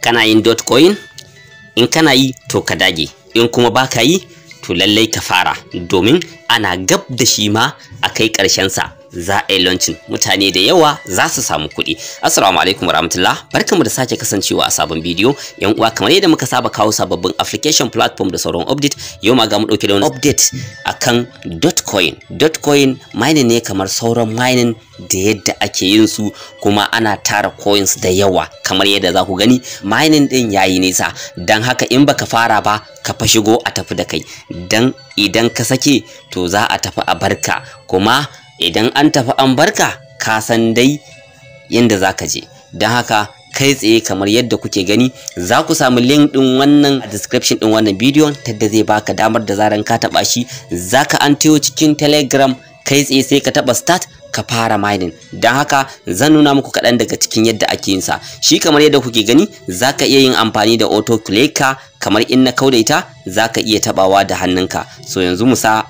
kana yin dotcoin in kana yi to ka dage in kuma baka yi to lallai ka fara domin ana gab da shi ma a kai ƙarshensa za a yi launcin mutane da yawa za su samu kuɗi assalamu alaikum warahmatullah barkamu da sake kasancewa a sabon bidiyo yan uwa kamar yadda muka saba kawo sababbin application platform da sauran update yau ma ga mu dauke da wani update akan dotcoin dotcoin mining ne kamar sauran mining da yadda ake yin su kuma ana tara coins da yawa kamar yadda za ku gani mining din yayi nisa dan haka in baka fara ba ka fa shigo a tafi da kai dan idan ka sake to za a tafi a barka kuma idan an tafi an barka ka san dai yadda za ka je don haka kai tsaye kamar yadda kuke gani za ku samu link ɗin wannan a description din wannan bidiyon tadda zai baka damar da zaran ka taɓa shi za ka antayo cikin telegram kai tsaye sai ka taɓa start ka fara mining don haka zan nuna muku kaɗan daga cikin yadda ake yin sa shi kamar yadda kuke gani zaka iya yin amfani da autoclaker kamar in na kaudaita za ka iya tabawa da hannunka so yanzu musa,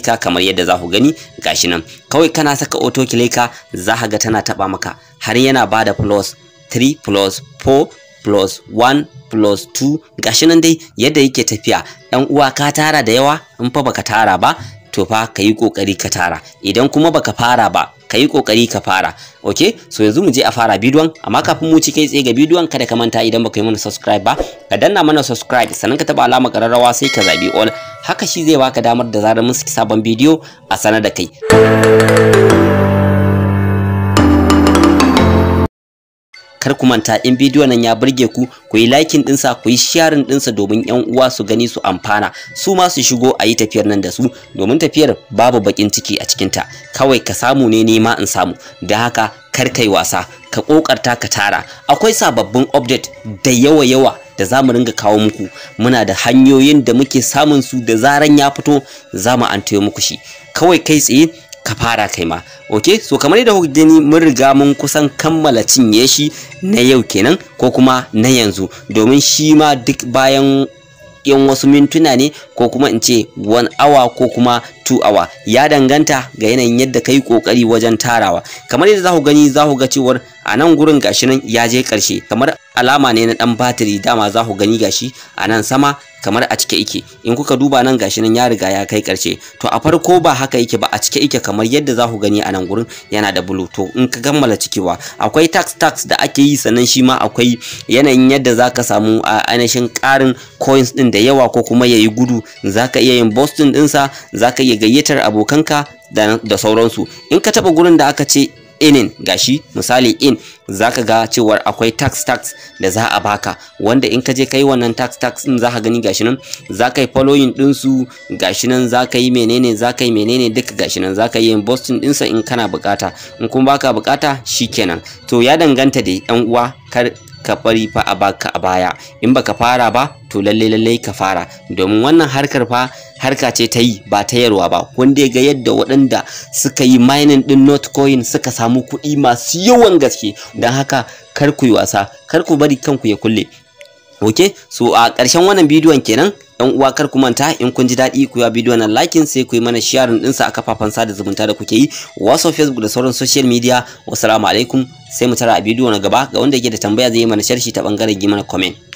sa kamar yadda za ku gani gashi nan kawai kana saka autoclaker za ka ga tana taba maka har yana bada plus 3 plus 4 plus 1 plus 2 gashi nan dai yadda yake tafiya yan uwa ka tara da yawa in fa baka tara ba to fa ka yi ƙoƙari ka tara idan kuma baka fara ba ka yi ƙoƙari ka fara Okay, so yanzu mu je a fara bidiyon amma kafin mu ci kai tsaye ga bidiyon kada ka manta idan baka yi mana subscribe ba ka danna mana subscribe sannan ka taba alamar ƙararrawa sai ka zabi all haka shi zai baka damar da zarar mun saki sabon bidiyo a sanar da kai kar ku manta in bidiyon nan ya burge ku ku yi likin dinsa ku yi sharing dinsa domin yan uwa su gani su amfana su ma su shigo a yi tafiyar nan da su domin tafiyar babu bakin ciki a cikinta kawai ka samu ne nema in samu da haka kar kai wasa ka kokarta ka tara akwai sababbin update da yawa yawa da zamu ringa kawo muku muna da hanyoyin da muke samun su da zaran ya fito zamu mu muku shi kawai kai tsaye ka fara kai ma ok so kamar yadda kuka gani mun riga mun kusan kammala cinye shi na yau kenan ko kuma na yanzu domin shi ma duk bayan yan wasu mintuna ne ko kuma in ce one hour ko kuma two hour ya danganta ga yanayin yadda kai kokari wajen tarawa kamar yadda za ku gani za ku ga cewar a nan gurin gashi nan ya je karshe kamar alama ne na dan batiri dama za ku gani gashi a nan sama kamar a cike ike in kuka duba nan gashi nan ya riga ya kai karshe to a farko ba haka yake ba a cike ike kamar yadda za ku gani a nan gurin yana da blue to in ka kammala cikewa akwai tax tax da ake yi sannan shi ma akwai yanayin yadda za ka samu a ainihin karin coins din da yawa ko kuma yayi gudu za ka iya yin boston dinsa za ka iya gayyatar abokanka da sauransu in ka taba gurin da aka ce inin gashi misali in zaka ga cewar akwai tax tax da za a baka wanda in ka je kai wannan tax tax din zaka gani gashi nan zaka yi following din su gashi nan zaka yi menene zaka yi menene duk gashi nan zaka yi investing din sa in kana bukata in kuma baka bukata shikenan to ya danganta da yan uwa kar ka bari fa a baka a baya in baka fara ba to lalle lalle ka fara domin wannan harkar fa harka ce ta yi ba ta yarwa ba kun ya ga yadda waɗanda suka yi mining din notcoin suka samu kuɗi masu yawan gaske don haka kar ku yi wasa kar ku bari kanku ya kulle ok so a ƙarshen wannan bidiyon kenan yan uwa kar ku manta in kun ji daɗi ku ya bidiyon nan likin sai ku yi mana sharing ɗinsa a kafafen sada zumunta da kuke yi wasu facebook da sauran social media wassalamu alaikum sai mu tara a bidiyo na gaba ga wanda yake da tambaya zai yi mana sharshi ta bangaren gimana comment